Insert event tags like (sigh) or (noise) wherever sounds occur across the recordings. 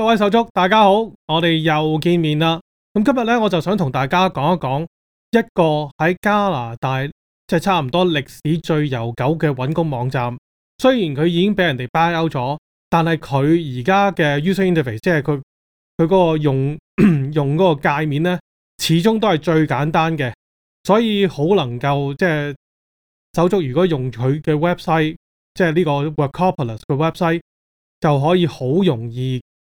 各位手足，大家好，我哋又見面啦。咁今日咧，我就想同大家講一講一個喺加拿大即係、就是、差唔多歷史最悠久嘅揾工網站。雖然佢已經俾人哋 buy out 咗，但係佢而家嘅 user interface，即係佢佢嗰個用 (coughs) 用嗰個界面咧，始終都係最簡單嘅，所以好能夠即係、就是、手足如果用佢嘅 website，即係呢個 workopolis 嘅 website，就可以好容易。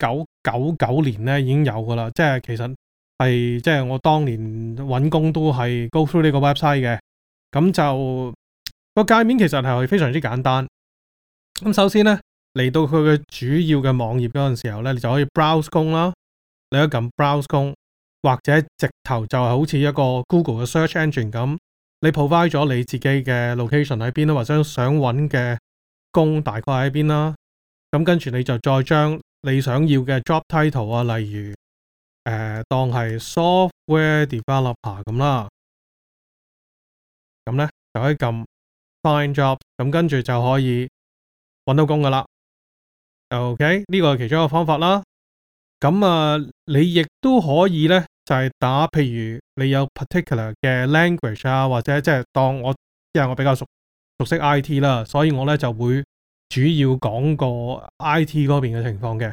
九九九年咧已經有㗎喇，即係其實係即係我當年搵工都係 go through 呢個 website 嘅，咁就個界面其實係非常之簡單。咁首先呢，嚟到佢嘅主要嘅網頁嗰陣時候呢，你就可以 browse 工啦，你一撳 browse 工或者直頭就係好似一個 Google 嘅 search engine 咁，你 provide 咗你自己嘅 location 喺邊啦，或者想搵嘅工大概喺邊啦，咁跟住你就再將。你想要嘅 job title 啊，例如誒、呃、當係 software developer 咁啦，咁咧就可以撳 find job，咁跟住就可以搵到工噶啦。OK，呢個係其中一個方法啦。咁啊，你亦都可以咧，就係、是、打譬如你有 particular 嘅 language 啊，或者即係當我因為我比較熟熟悉 IT 啦，所以我咧就會主要講過 IT 嗰邊嘅情況嘅。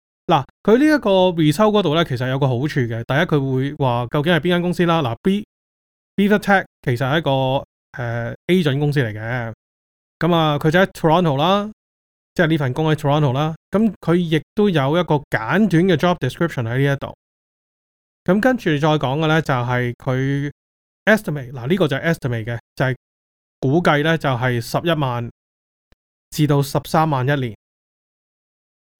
嗱，佢呢一個 recruit 嗰度咧，其實有個好處嘅。第一，佢會話究竟係邊間公司啦。嗱，B b e a Tech 其實係一個誒 agency 公司嚟嘅。咁啊，佢就喺 Toronto 啦，即係呢份工喺 Toronto 啦。咁佢亦都有一個簡短嘅 job description 喺呢一度。咁跟住再講嘅咧，就係佢 estimate。嗱，呢個就係 estimate 嘅，就係估計咧，就係十一萬至到十三萬一年。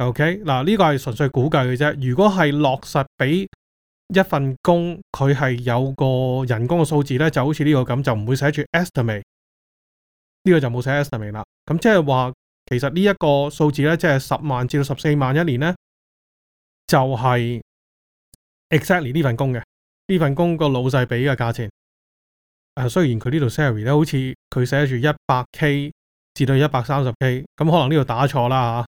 O.K. 嗱，呢個係純粹估計嘅啫。如果係落實俾一份工，佢係有個人工嘅數字咧，就好似呢個咁，就唔會寫住 estimate。呢個就冇寫 estimate 啦。咁即係話，其實呢一個數字咧，即係十萬至到十四萬一年咧，就係、是、exactly 呢份工嘅呢份工個老細俾嘅價錢。誒、啊，雖然佢呢度 salary 咧，好似佢寫住一百 K 至到一百三十 K，咁可能呢度打錯啦吓。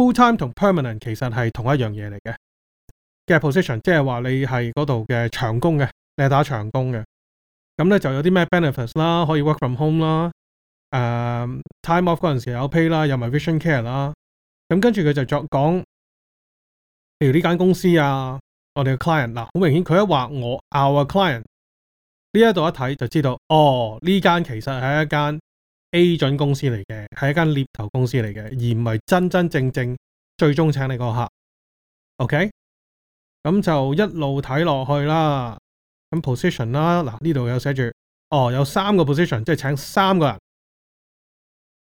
Full time 同 permanent 其實係同一樣嘢嚟嘅，嘅 position，即係話你係嗰度嘅長工嘅，你係打長工嘅。咁咧就有啲咩 benefits 啦，可以 work from home 啦，呃，time off 陣時有 pay 啦，有埋 vision care 啦。咁跟住佢就作講，譬如呢間公司啊，我哋嘅 client 嗱，好明顯佢一話我 our client 呢一度一睇就知道，哦，呢間其實係一間。A 准公司嚟嘅，係一間獵頭公司嚟嘅，而唔係真真正正最終請你個客。OK，咁就一路睇落去啦。咁 position 啦，嗱呢度有寫住，哦，有三個 position，即係請三個人。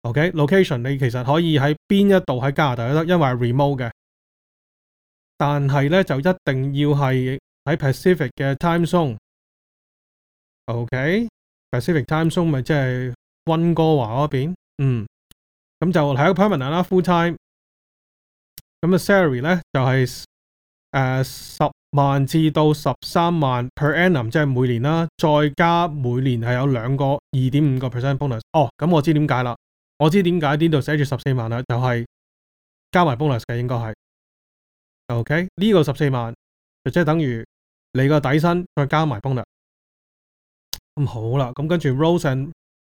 OK，location，okay? 你其實可以喺邊一度喺加拿大都得，因為係 remote 嘅。但係咧就一定要係喺 Pacific 嘅 time zone。OK，Pacific，okay? time zone 咪即係。溫哥華嗰邊，嗯，咁就係一個 permanent 啦，full time。咁啊，salary 咧就係誒十萬至到十三萬 per annum，即係每年啦，再加每年係有兩個二點五個 percent bonus。哦，咁我知點解啦，我知點解呢度寫住十四萬啦，就係加埋 bonus 嘅，應該係。OK，呢個十四萬，即係等於你個底薪再加埋 bonus。咁好啦，咁跟住 Rose and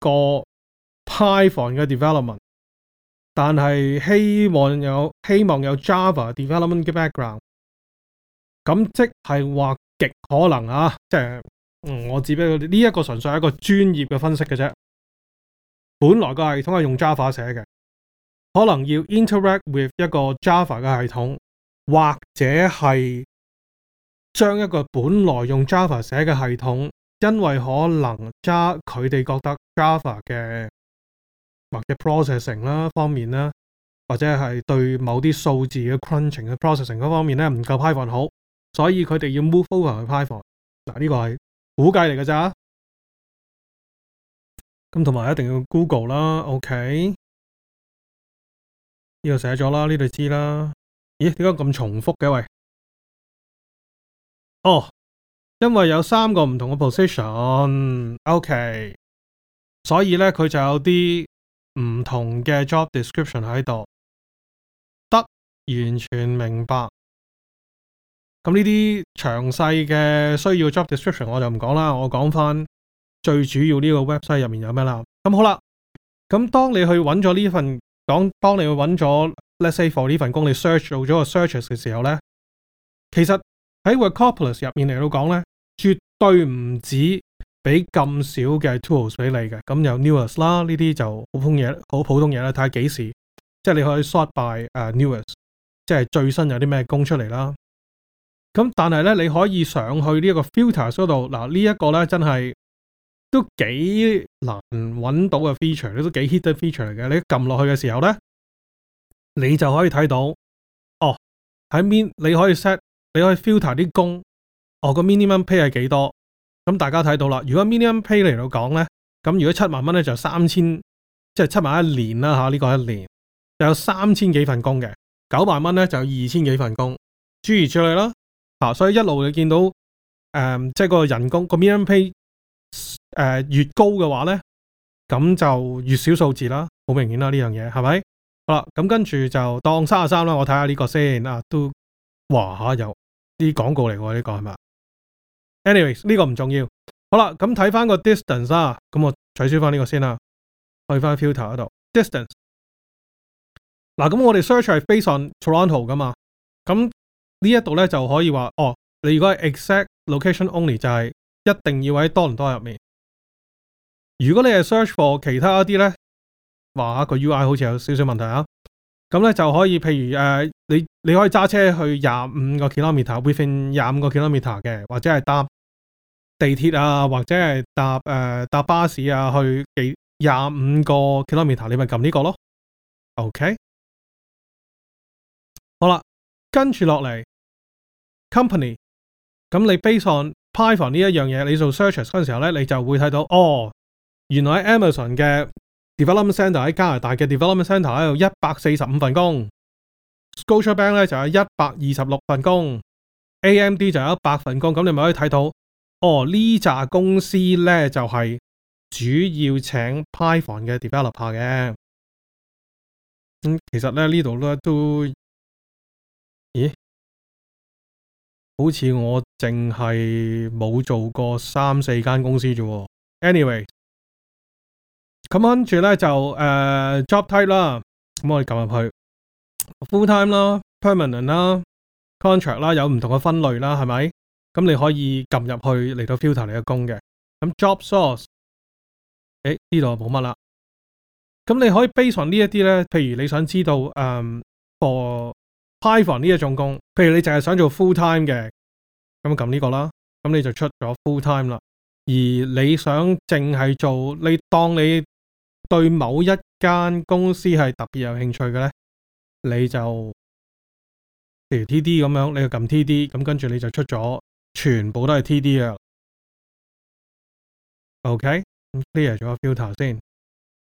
個 Python 嘅 development，但係希望有希望有 Java development 嘅 background，咁即係話極可能啊！即係嗯我只不過呢一個純粹係一個專業嘅分析嘅啫。本來個系統係用 Java 寫嘅，可能要 interact with 一個 Java 嘅系統，或者係將一個本來用 Java 寫嘅系統。因為可能加佢哋覺得 Java 嘅或者 processing 啦方面啦，或者係對某啲數字嘅 crunching 嘅 processing 嗰方面咧，唔夠 Python 好，所以佢哋要 move over 去 Python 嗱，呢個係估計嚟嘅咋。咁同埋一定要 Google 啦。OK 呢個寫咗啦，呢度知啦。咦，點解咁重複嘅喂？哦。因為有三個唔同嘅 position，OK，okay，所以咧佢就有啲唔同嘅 job description 喺度，得完全明白。咁呢啲詳細嘅需要 job description，我就唔講啦，我講翻最主要呢個 website 入面有咩啦。咁好啦，咁當你去揾咗呢份工，當你去揾咗，let's say for 呢份工，你 search 做咗個 searches 嘅時候咧，其實。喺 Workopolis 入面嚟到講咧，絕對唔止俾咁少嘅 tools 俾你嘅，咁有 news 啦，呢啲就好普通嘢，好普通嘢啦。睇下幾時，即係你可以 short by 誒、uh, news，即係最新有啲咩工出嚟啦。咁但係咧，你可以上去這 filters 那、這個、呢一個 filter 嗰度，嗱呢一個咧真係都幾難搵到嘅 feature，都幾 hit 嘅 feature 嚟嘅。你一撳落去嘅時候咧，你就可以睇到，哦喺邊你可以 set。你可以 filter 啲工，哦個 minimum pay 係幾多？咁大家睇到啦。如果 minimum pay 嚟到講咧，咁如果七萬蚊咧就三千，即係七萬一年啦吓。呢、這個一年就有三千幾份工嘅，九萬蚊咧就有二千幾份工。諸如此類啦，吓。所以一路你見到誒，即、呃、係、就是、個人工個 minimum pay 誒、呃、越高嘅話咧，咁就越少數字啦。好明顯啦，呢樣嘢係咪？好啦，咁跟住就當卅啊三啦。我睇下呢個先啊，都哇吓有。啲廣告嚟喎呢個係嘛？Anyways 呢個唔重要。好啦，咁睇翻個 distance 啊，咁我取消翻呢個先啦，去翻 filter 嗰度。distance 嗱，咁我哋 search 係 based on Toronto 噶嘛？咁呢一度咧就可以話哦，你如果係 exact location only 就係一定要喺多倫多入面。如果你係 search for 其他一啲咧，哇個 UI 好似有少少問題啊！咁咧就可以，譬如誒、呃，你你可以揸車去廿五個 kilometer within 廿五個 kilometer 嘅，或者係搭地鐵啊，或者係搭誒搭巴士啊，去幾廿五個 kilometer，你咪撳呢個咯。OK，好啦，跟住落嚟 company，咁你 based on Python 呢一樣嘢，你做 searches 嗰陣時候咧，你就會睇到哦，原來 Amazon 嘅。Development Center 喺加拿大嘅，Development Centre 喺度一百四十五份工 Scotiabank 咧就有一百二十六份工，AMD 就有一百份工。咁你咪可以睇到，哦呢扎公司咧就係、是、主要請 Python 嘅 developer 嘅。咁、嗯、其實咧呢度咧都，咦？好似我淨係冇做過三四間公司啫。Anyway。咁跟住咧就誒、uh, job type 啦，咁我哋撳入去 full time 啦、permanent 啦、contract 啦，有唔同嘅分類啦，係咪？咁你可以撳入去嚟到 filter 你嘅工嘅。咁 job source，誒呢度冇乜啦。咁你可以 based on 呢一啲咧，譬如你想知道誒、um，個 python 呢一種工，譬如你淨係想做 full time 嘅，咁撳呢個啦，咁你就出咗 full time 啦。而你想淨係做你當你對某一間公司係特別有興趣嘅咧，你就譬如 TD 咁樣，你就撳 TD，咁跟住你就出咗全部都係 TD 嘅。OK，咁 clear 咗個 filter 先。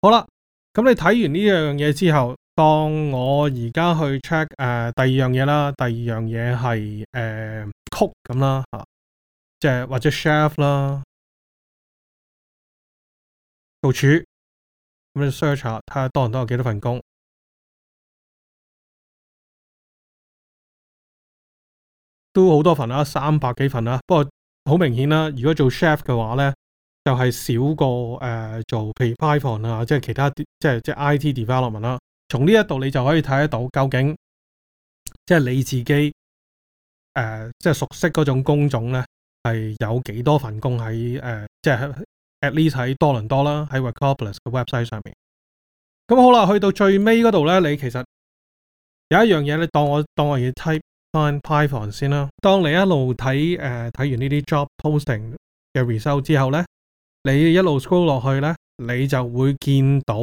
好啦，咁你睇完呢樣嘢之後，當我而家去 check 誒、呃、第二樣嘢啦，第二樣嘢係、呃、cook 樣嘢係誒曲咁啦，即係或者 chef 啦，做處。咁你 search 下睇下多唔多，有幾多份工，都好多份啦，三百幾份啦。不過好明顯啦，如果做 chef 嘅話咧，就係、是、少過誒、呃、做譬如 Python 啊，即係其他啲即係即係 IT development 啦。從呢一度你就可以睇得到，究竟即係你自己誒、呃、即係熟悉嗰種工種咧，係有幾多份工喺誒、呃、即係。At least 喺多倫多啦，喺 r e c o u l e s 嘅 website 上面。咁好啦，去到最尾嗰度咧，你其實有一樣嘢，你當我當我要 type find Python 先啦。當你一路睇誒睇完呢啲 job posting 嘅 result 之後咧，你一路 scroll 落去咧，你就會見到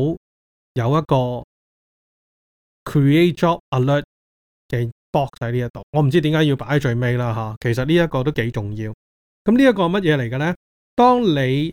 有一個 create job alert 嘅 box 喺呢一度。我唔知點解要擺喺最尾啦吓，其實呢一個都幾重要。咁呢一個乜嘢嚟嘅咧？當你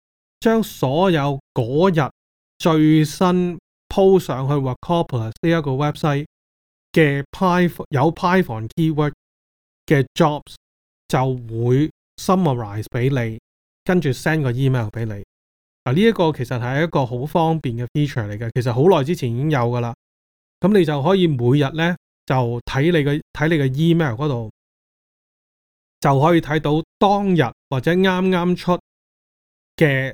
將所有嗰日最新鋪上去 Workopolis 呢一個 website 嘅 py, 有 Python keyword 嘅 jobs 就會 summarize 俾你，跟住 send 個 email 俾你。嗱，呢一個其實係一個好方便嘅 feature 嚟嘅，其實好耐之前已經有噶啦。咁你就可以每日咧就睇你嘅睇你嘅 email 嗰度，就可以睇到當日或者啱啱出嘅。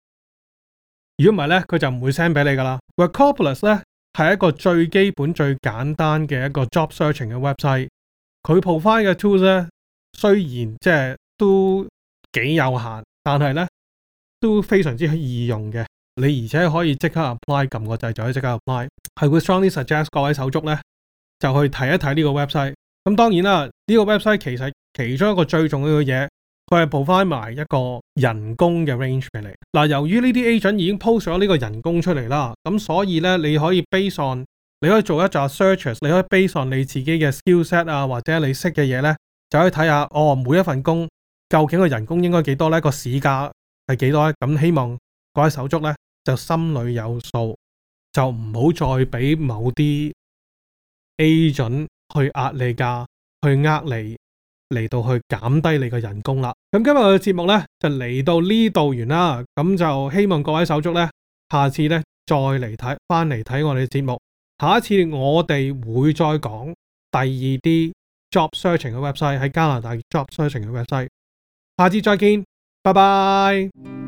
如果唔係咧，佢就唔會 send 俾你噶啦。Workopolis 咧係一個最基本、最簡單嘅一個 job searching 嘅 website。佢 provide 嘅 tools 咧雖然即係都幾有限，但係咧都非常之易用嘅。你而且可以即刻 apply 撳個掣，就可以即刻 apply。係會 strongly suggest 各位手足咧就去睇一睇呢個 website。咁當然啦，呢、這個 website 其實其中一個最重要嘅嘢。佢係 provide 埋一個人工嘅 range 俾你。嗱，由於呢啲 agent 已經 post 咗呢個人工出嚟啦，咁所以呢，你可以 base on，你可以做一做 searches，你可以 base on 你自己嘅 skill set 啊，或者你識嘅嘢呢，就可以睇下哦每一份工究竟個人工應該幾多呢？個市價係幾多呢？咁希望各位手足呢，就心裏有數，就唔好再俾某啲 agent 去壓你價，去呃你。嚟到去減低你個人工啦。咁今日嘅節目呢，就嚟到呢度完啦。咁就希望各位手足呢，下次呢，再嚟睇，翻嚟睇我哋嘅節目。下一次我哋會再講第二啲 job searching 嘅 website 喺加拿大 job searching 嘅 website。下次再見，拜拜。